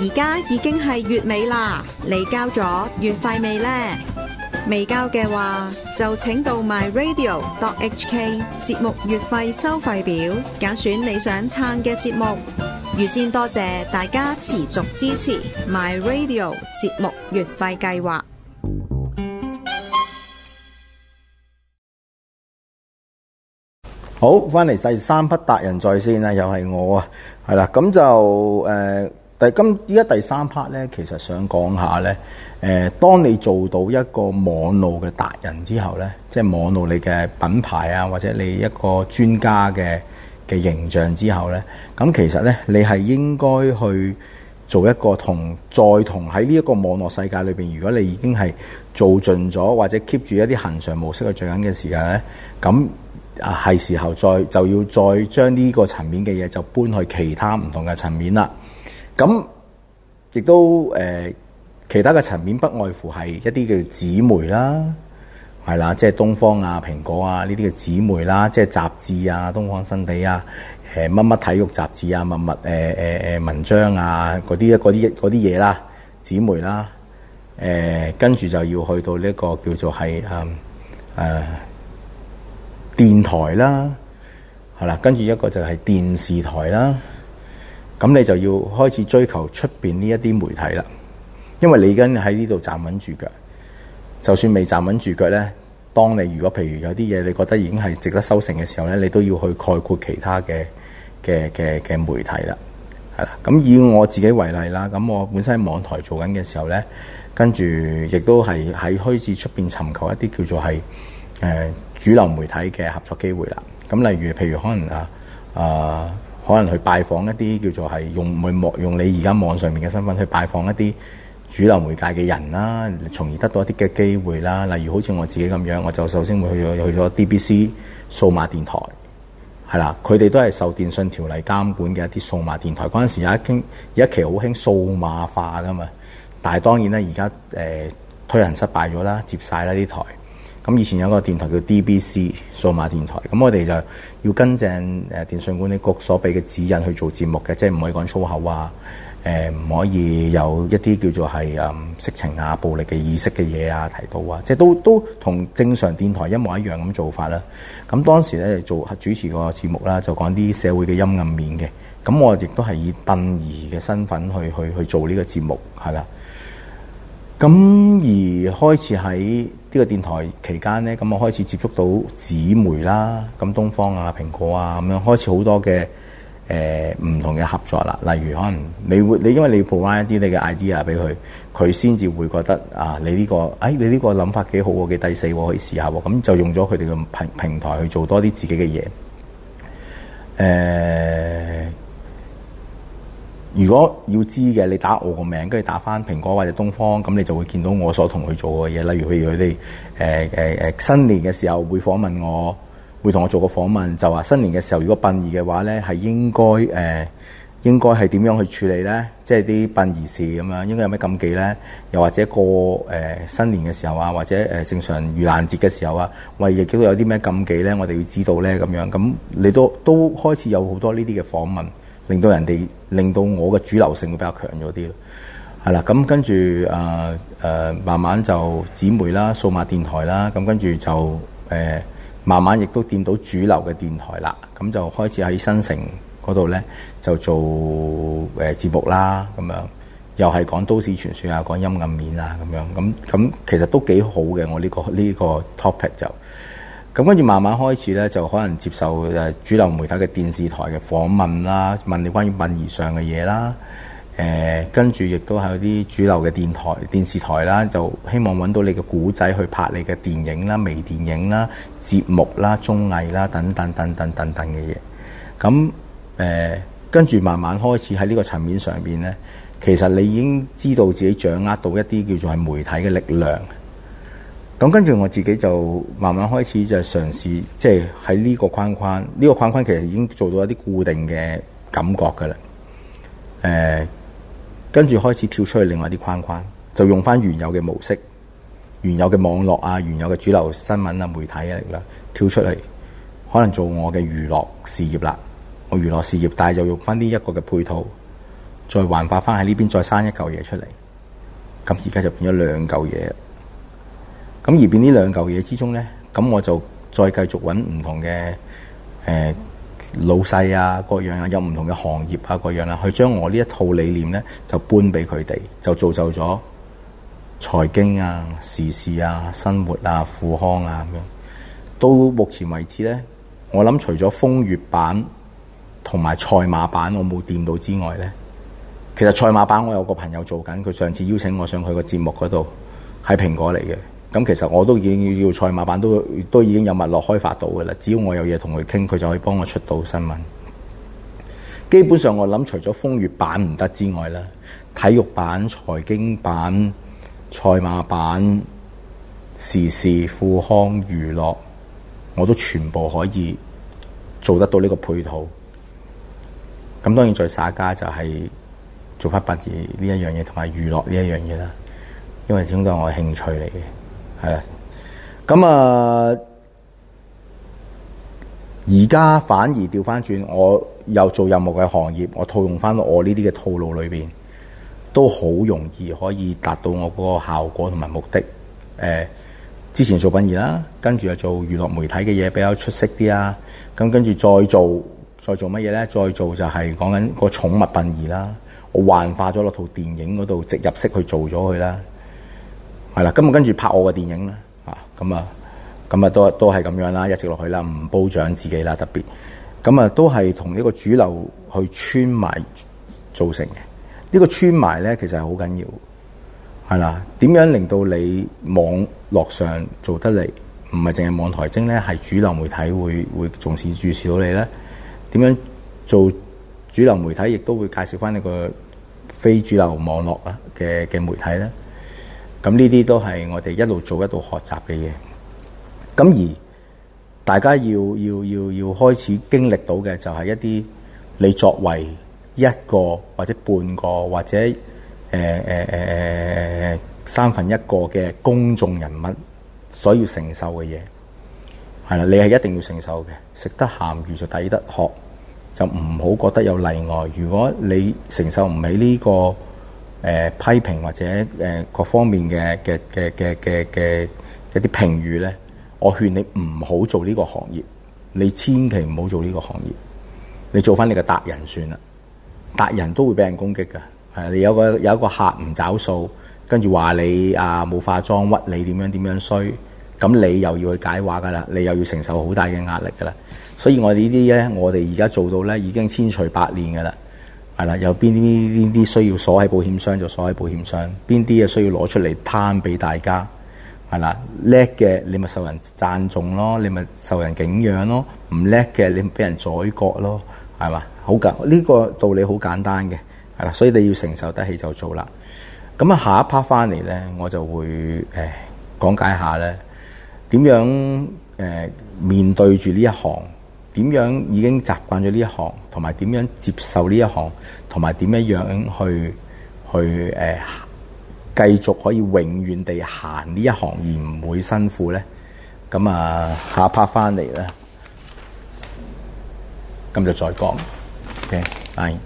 而家已經係月尾啦，你交咗月費未呢？未交嘅話，就請到 MyRadio.hk 節目月費收費表，揀選你想撐嘅節目。預先多謝大家持續支持 My Radio 節目月費計劃。好，翻嚟第三匹達仁在線啊，又係我啊，係啦，咁就誒。呃但係今依家第三 part 咧，其實想講下咧，誒、呃，當你做到一個網絡嘅達人之後咧，即係網絡你嘅品牌啊，或者你一個專家嘅嘅形象之後咧，咁其實咧你係應該去做一個同再同喺呢一個網絡世界裏邊，如果你已經係做盡咗或者 keep 住一啲恒常模式去做緊嘅時候咧，咁啊係時候再就要再將呢個層面嘅嘢就搬去其他唔同嘅層面啦。咁亦都誒、呃，其他嘅層面不外乎係一啲叫姊妹啦，係啦，即係東方啊、蘋果啊呢啲叫姊妹啦，即係雜誌啊、東方新地啊、誒乜乜體育雜誌啊、乜乜誒誒誒文章啊嗰啲嗰啲嗰啲嘢啦，姊妹啦，誒跟住就要去到呢個叫做係誒誒電台啦，係啦，跟住一個就係電視台啦。咁你就要開始追求出邊呢一啲媒體啦，因為你而家喺呢度站穩住腳，就算未站穩住腳咧，當你如果譬如有啲嘢，你覺得已經係值得收成嘅時候咧，你都要去概括其他嘅嘅嘅嘅媒體啦，係啦。咁以我自己為例啦，咁我本身喺網台做緊嘅時候咧，跟住亦都係喺開始出邊尋求一啲叫做係誒、呃、主流媒體嘅合作機會啦。咁例如譬如可能啊啊～、呃可能去拜訪一啲叫做係用唔會網用你而家網上面嘅身份去拜訪一啲主流媒介嘅人啦，從而得到一啲嘅機會啦。例如好似我自己咁樣，我就首先會去咗去咗 DBC 數碼電台係啦，佢哋都係受電信條例監管嘅一啲數碼電台。嗰陣時有一興有一期好興數碼化噶嘛，但係當然咧而家誒推行失敗咗啦，接晒啦呢台。咁以前有個電台叫 DBC 數碼電台，咁我哋就要跟正誒電訊管理局所俾嘅指引去做節目嘅，即係唔可以講粗口啊，誒、呃、唔可以有一啲叫做係誒、嗯、色情啊、暴力嘅意識嘅嘢啊提到啊，即係都都同正常電台一模一樣咁做法啦。咁當時咧做主持個節目啦，就講啲社會嘅陰暗面嘅，咁我亦都係以鄧兒嘅身份去去去做呢個節目係啦。咁而開始喺呢個電台期間咧，咁我開始接觸到紙媒啦，咁東方啊、蘋果啊咁樣，開始好多嘅誒唔同嘅合作啦。例如可能你會，你因為你要 provide 一啲你嘅 idea 俾佢，佢先至會覺得啊，你呢、呢個誒、哎、你呢個諗法幾好喎，幾第四喎，可以試下喎，咁、哦、就用咗佢哋嘅平平台去做多啲自己嘅嘢，誒、呃。如果要知嘅，你打我個名，跟住打返蘋果或者東方，咁你就會見到我所同佢做嘅嘢。例如，譬如佢哋誒誒誒新年嘅時候會訪問我，會同我做個訪問，就話新年嘅時候如果殯儀嘅話咧，係應該誒、呃、應該係點樣去處理咧？即係啲殯儀事咁樣，應該有咩禁忌咧？又或者過誒、呃、新年嘅時候啊，或者誒正常遇難節嘅時候啊，喂，亦都有啲咩禁忌咧？我哋要知道咧，咁樣咁你都都開始有好多呢啲嘅訪問。令到人哋，令到我嘅主流性會比較強咗啲，係啦。咁跟住誒誒，慢慢就紙媒啦、數碼電台啦。咁跟住就誒、呃，慢慢亦都掂到主流嘅電台啦。咁、嗯、就開始喺新城嗰度咧，就做誒節、呃、目啦，咁樣又係講都市傳說啊，講陰暗面啊，咁樣咁咁、嗯嗯，其實都幾好嘅。我呢、這個呢、這個 topic 就。咁跟住慢慢開始咧，就可能接受誒主流媒體嘅電視台嘅訪問啦，問你關於問而上嘅嘢啦。誒、呃，跟住亦都喺啲主流嘅電台、電視台啦，就希望揾到你嘅古仔去拍你嘅電影啦、微電影啦、節目啦、綜藝啦等等等等等等嘅嘢。咁誒、嗯呃，跟住慢慢開始喺呢個層面上邊咧，其實你已經知道自己掌握到一啲叫做係媒體嘅力量。咁跟住我自己就慢慢開始就嘗試，即係喺呢個框框，呢個框框其實已經做到一啲固定嘅感覺㗎啦。誒、呃，跟住開始跳出去另外啲框框，就用翻原有嘅模式、原有嘅網絡啊、原有嘅主流新聞啊、媒體啊嚟啦，跳出嚟，可能做我嘅娛樂事業啦，我娛樂事業，但係就用翻呢一個嘅配套，再幻化翻喺呢邊，再生一嚿嘢出嚟。咁而家就變咗兩嚿嘢。咁而邊呢兩嚿嘢之中呢，咁我就再繼續揾唔同嘅誒、呃、老細啊，各樣啊，有唔同嘅行業啊，各樣啦，去將我呢一套理念呢，就搬俾佢哋，就造就咗財經啊、時事啊、生活啊、富康啊咁樣。到目前為止呢，我諗除咗風月版同埋賽馬版，我冇掂到之外呢，其實賽馬版我有個朋友做緊，佢上次邀請我上佢個節目嗰度，喺蘋果嚟嘅。咁其實我都已經要賽馬版都都已經有物落開發到嘅啦，只要我有嘢同佢傾，佢就可以幫我出到新聞。基本上我諗，除咗風月版唔得之外啦，體育版、財經版、賽馬版、時事、富康、娛樂，我都全部可以做得到呢個配套。咁當然最耍家就係做翻八字呢一樣嘢，同埋娛樂呢一樣嘢啦，因為始終都係我興趣嚟嘅。係啦，咁啊，而家反而調翻轉，我又做任務嘅行業，我套用翻我呢啲嘅套路裏邊，都好容易可以達到我嗰個效果同埋目的。誒、欸，之前做殯儀啦，跟住又做娛樂媒體嘅嘢比較出色啲啊，咁跟住再做再做乜嘢咧？再做就係講緊個寵物殯儀啦，我幻化咗落套電影嗰度植入式去做咗佢啦。係啦，咁啊，跟住拍我嘅電影咧，啊咁啊，咁啊都都係咁樣啦，一直落去啦，唔褒獎自己啦，特別咁啊，都係同呢個主流去穿埋造成嘅。呢個穿埋咧，其實係好緊要。係啦，點樣令到你網絡上做得嚟，唔係淨係網台精咧，係主流媒體會會重視注視到你咧？點樣做主流媒體亦都會介紹翻呢個非主流網絡啊嘅嘅媒體咧？咁呢啲都係我哋一路做一路學習嘅嘢，咁而大家要要要要開始經歷到嘅就係一啲你作為一個或者半個或者誒誒誒誒三分一個嘅公眾人物，所要承受嘅嘢係啦，你係一定要承受嘅，食得鹹魚就抵得渴，就唔好覺得有例外。如果你承受唔起呢個，誒、呃、批評或者誒、呃、各方面嘅嘅嘅嘅嘅嘅一啲評語咧，我勸你唔好做呢個行業，你千祈唔好做呢個行業，你做翻你個達人算啦。達人都會俾人攻擊噶，係你有個有一個客唔找數，跟住話你啊冇化妝屈你點樣點樣衰，咁你又要去解話噶啦，你又要承受好大嘅壓力噶啦。所以我哋呢啲咧，我哋而家做到咧已經千錘百煉噶啦。係啦，有邊啲啲啲需要鎖喺保險箱就鎖喺保險箱，邊啲嘢需要攞出嚟攤俾大家。係啦，叻嘅你咪受人讚重咯，你咪受人敬仰咯；唔叻嘅你咪俾人宰割咯，係嘛？好噶，呢個道理好簡單嘅。係啦，所以你要承受得起就做啦。咁啊，下一 part 翻嚟咧，我就會誒講解下咧點樣誒面對住呢一行。點樣已經習慣咗呢一行，同埋點樣接受呢一行，同埋點樣樣去去誒繼、呃、續可以永遠地行呢一行而唔會辛苦咧？咁啊，下 part 翻嚟咧，咁就再講，OK，拜拜。